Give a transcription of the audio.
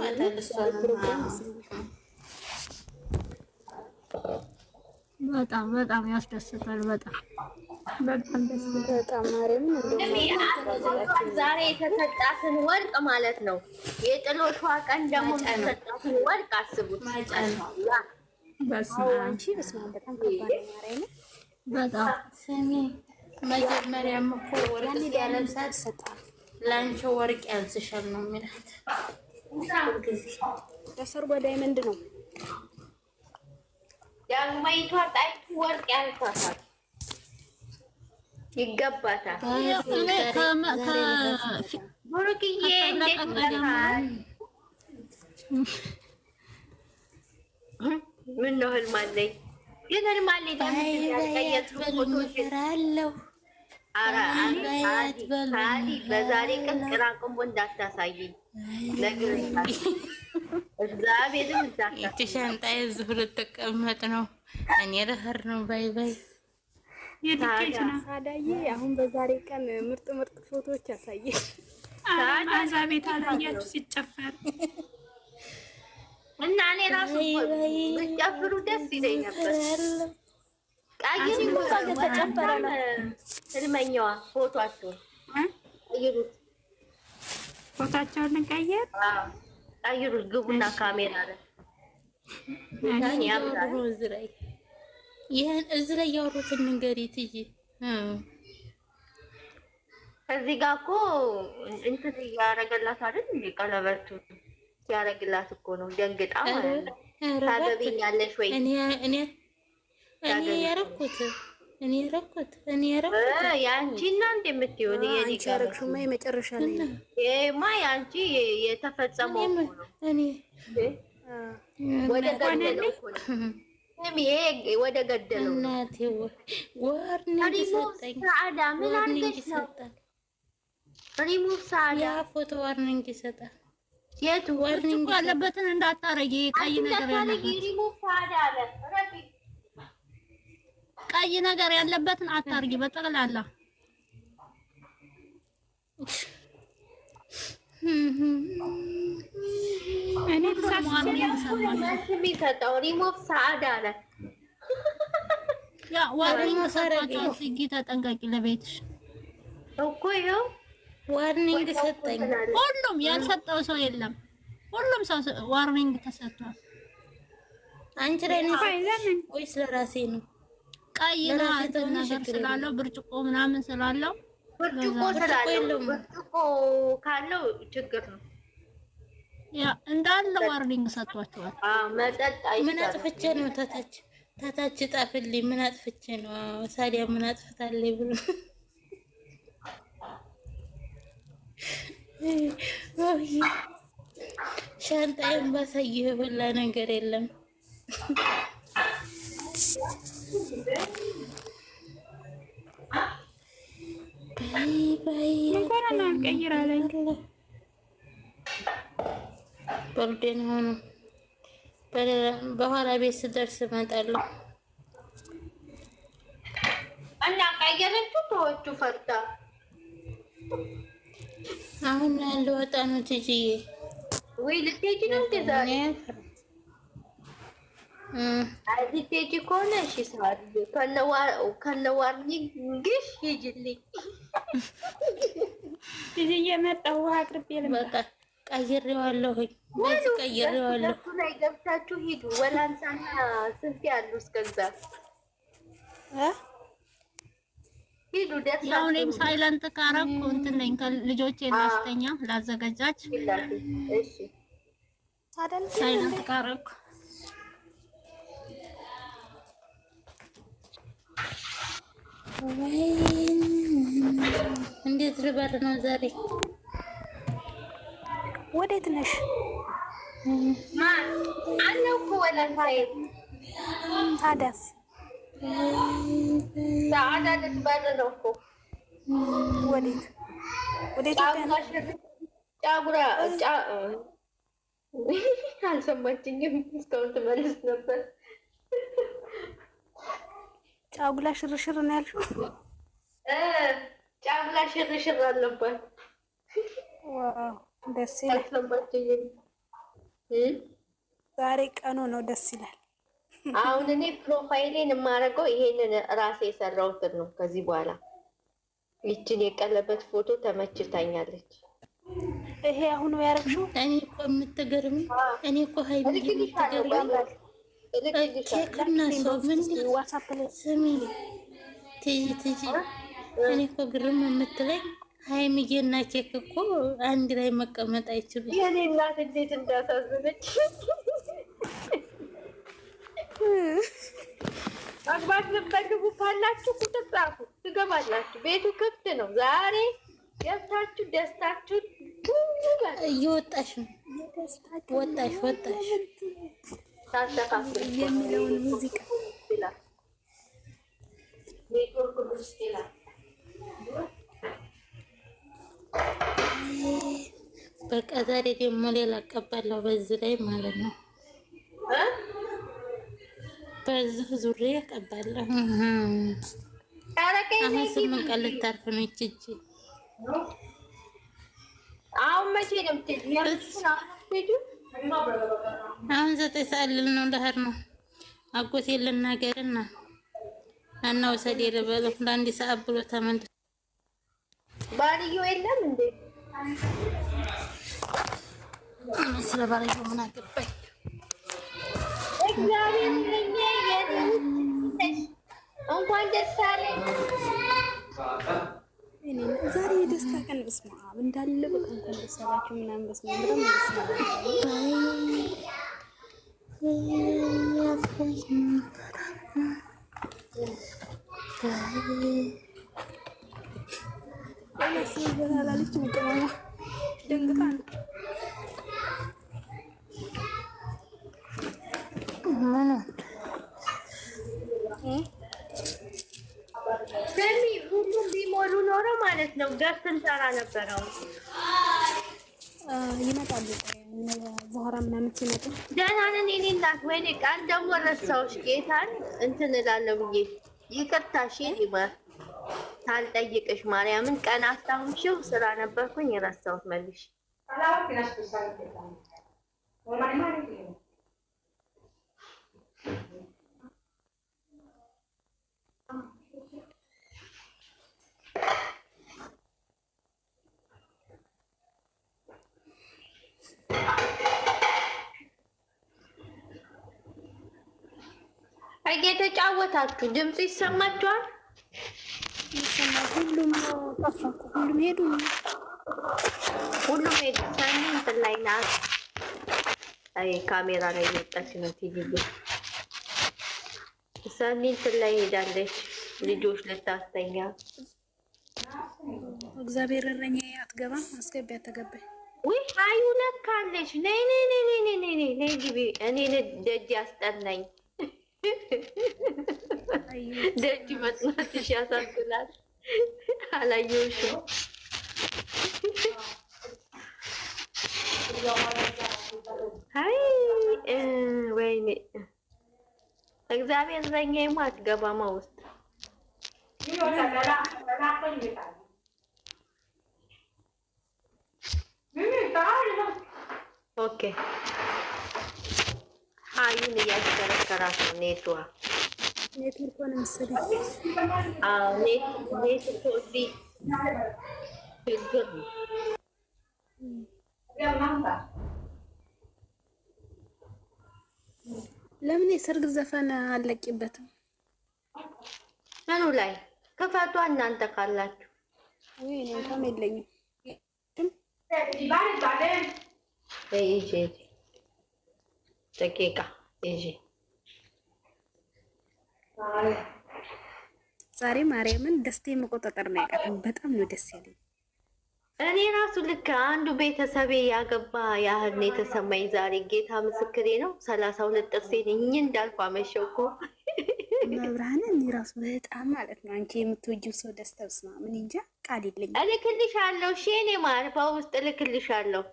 በጣም በጣም ያስደስታል። በጣም በጣም በጣም ዛሬ የተሰጣትን ወርቅ ማለት ነው። የጥሎሿ ቀን ደግሞ የተሰጣትን ወርቅ አስቡት። በጣም ስሚ፣ መጀመሪያም እኮ ወርቅ ለአንቺ ወርቅ ያንስሻል ነው የሚላት ለሰርጓ ዳይመንድ ነው ዳግማዊቷ ጣይቱ ወርቅ ያልኳታል። ይገባታል። ብሩክዬ እንዴት ምን ነው ህልማለኝ ግን ህልማለኝ በዛሬ ቀን ቅራቅንቦ እንዳታሳይኝ ነግሬሻለሁ። እግዚአብሔርን እንዳታሳይኝ። ሻንጣዬ ልትቀመጥ ነው። እኔ ልሄድ ነው። ባይ ባይ። ሳዳዬ አሁን በዛሬ ቀን ምርጥ ምርጥ ፎቶዎች ያሳየሽ። እዛ ቤት አላያችሁ ሲጨፈር እና እኔ ራሱ ብጨፍሩ ደስ ይለኝ ነበር። ቃይን ተጨበረ እድመኛዋ ፎቷቸውን ቀይሩት፣ ፎቷቸውን እንቀይር፣ ቀይሩት። ግቡና ካሜራ ይህን እዚህ ላይ ያወሩትን ንገሪ ትይ። እዚህ ጋር እኮ እንትን እያደረገላት አይደል? እንደ ቀለበቱ ሲያደርግላት እኮ ነው ደንግጣ ማለት ነው። ታገቢኛለሽ ወይ? እኔ ያረኩት እኔ ያረኩት እኔ ያረኩት እና የመጨረሻ ነው የተፈጸመው እኔ ወደ ገደለው ወደ ገደለው ያ ፎቶ ይሰጣል። የት ዋርኒንግ ያለበትን እንዳታረጊ ቀይ ነገር ያለበት አለ ቀይ ነገር ያለበትን አታርጊ። በጠቅላላ ሪሞቭ ተጠንቀቂ ለቤትሽ እኮ ይኸው ዋርኒንግ ሰጠኝ። ሁሉም ያልሰጠው ሰው የለም። ሁሉም ሰው ዋርኒንግ ተሰጥቷል። አንቺ ላይ ወይስ ለራሴ ነው? ቀይ እንትን ነገር ስላለው ብርጭቆ ምናምን ስላለው ብርጭቆ ስላለው ብርጭቆ ካለው ችግር ነው። ያ እንዳለ ዋርኒንግ ሰጥቷቸዋል። መጠጥ ምን አጥፍቼ ነው ተታች ተታች ጣፍልኝ ምን አጥፍቼ ነው ሳዲያ ምን አጥፍታለኝ ብሎ ሻንጣዬን ባሳይህ ብላ ነገር የለም ነው አልቀይር አለኝ። በርዴን ሆኖ በኋላ ቤት ስደርስ እመጣለሁ እና ቀየረችው። ተወቹ ፈርታ አሁን ልወጣ ነው ትጅዬ። ወይ ልትሄጂ ነው እንደ ዛሬ ልትሄጂ ከሆነ እሺ፣ ሰዓት ከነዋር ግሽ ሂጂልኝ እዚህ የመጣው ውሃ አቅርቤ ልምጣ። ቀይሬዋለሁኝ ወይስ ቀይሬዋለሁ። ላይ ገብታችሁ ሂዱ። ወላንሳና ስንት ያሉ እስከዛ ሂዱ። ደስ ያውኔም ሳይለንት ካረኩ እንትን ነኝ። ልጆቼ እናስተኛ ላዘገጃች። ሳይለንት ካረኩ ወይ እንዴት ልበር ነው ዛሬ? ወዴት ነሽ? ታዲያስ ሰዓዳ ልትበር ነው ወዴት ወዴት? ነበር። ጫጉላ ሽርሽር ነው ያልሽው? ጫብላ ሽር ሽር አለባት። ደስ ይላል። ዛሬ ቀኑ ነው፣ ደስ ይላል። አሁን እኔ ፕሮፋይሌን የማደርገው ይሄንን ራሴ የሰራሁትን ነው። ከዚህ በኋላ ይችን የቀለበት ፎቶ ተመችታኛለች። ይሄ አሁኑ ያደረግሽው እኔ እኮ የምትገርሚ እኔ እኮ ሀይሚ የምትገርሚ ኬክና ሰው ምን ስሚ ትይ ትይ እኔ እኮ ግርም የምትለኝ ሀይሚዬ እና ኬክ እኮ አንድ ላይ መቀመጥ አይችሉም። የኔ እናት እንዴት እንዳሳዝነች አግባት ብትፈልጉ ካላችሁ ቁጥር ጻፉ፣ ትገባላችሁ። ቤቱ ክፍት ነው። ዛሬ ገብታችሁ ደስታችሁ እየወጣሽ ነው። ወጣሽ ወጣሽ የሚለውን ሙዚቃ በቃ ዛሬ ደግሞ ሌላ አቀባለሁ በዚህ ላይ ማለት ነው። በዚህ ዙሪ አቀባለሁ። አሁን ስምንት ቀን ልታርፍ ነው ይቺ እጅ። አሁን መቼ ነው የምትሄጂው? አሁን ዘጠኝ ሰዓት ልል ነው ልሄድ ነው። አጎቴ ልናገርና እና ውሰድ ልበለው ለአንድ ሰዓት ብሎ ተመልሶ ባልየው የለም እንዴ? ስለ ባለቤቱ ምን አገባኝ? እንኳን ደስ አለኝ። ዛሬ የደስታ ቀን በስመ አብ እንዳለ በቃ እንኳን ደስ አላችሁ ምናምን በስመ አብ በጣም ደስ ይላል። ያፈኝ ደንግጣ ነው። ሁሉም ቢሞሉ ኖሮ ማለት ነው ገፍ እንሰራ ነበረው። ይመጣሉ ምናምን ሲመጡ ደህና ነን የእኔ እናት። ወይኔ ቃል ደግሞ ረሳሁሽ ጌታን እንትን እላለሁ ይማር ሳልጠይቅሽ ማርያምን ቀን አስታውሽው ስራ ነበርኩኝ የረሳሁት መልሽ እየተጫወታችሁ ድምፅ ይሰማችኋል። ሁሉም ጠፋ እኮ ሁሉም ሄዱ። ሁሉም ሄዱ። ሰኒ እንትን ላይ ናት። አይ ካሜራ ላይ እየወጣች ነው። ትይዩ ሰኒ እንትን ላይ ሄዳለች። ልጆች ልታስተኛ እግዚአብሔር እረኛ አትገባም። አስገቢ አተገባይ ወይ አዩ ነካለች። ነይ ነይ ነይ ነይ ነይ ነይ ነይ ግቢ። እኔ ደጅ አስጠናኝ። ደጅ መጥናትሽ ያሳዝናል። አላየሁሽም። አይ ወይኔ እግዚአብሔር ዘኛዬማ አትገባማ ውስጥ ኦኬ ሀዩን እያሽከረከራት ኔትዋ ኔትወርክ ሆነ መሰለኝ። አዎ ኔትወርክ ለምን የሰርግ ዘፈን አለቂበትም? ምኑ ላይ ክፈቷ እናንተ ካላችሁ። ውይ የለኝም። ደቂቃ ዛሬ ማርያምን ደስቴ መቆጣጠር ነው ያቀተኝ። በጣም ነው ደስ ያለኝ። እኔ ራሱ ልክ አንዱ ቤተሰቤ ያገባ ያህል ነው የተሰማኝ ዛሬ። ጌታ ምስክሬ ነው። ሰላሳ ሁለት ጥርሴን እኝ እንዳልኩ አመሸው እኮ እኔ ራሱ በጣም ማለት ነው። አንቺ የምትወጂው ሰው ደስታ ብስማ ምን እንጃ ቃል የለኝም። እልክልሻለሁ ሺኔ ማር በውስጥ እልክልሻለሁ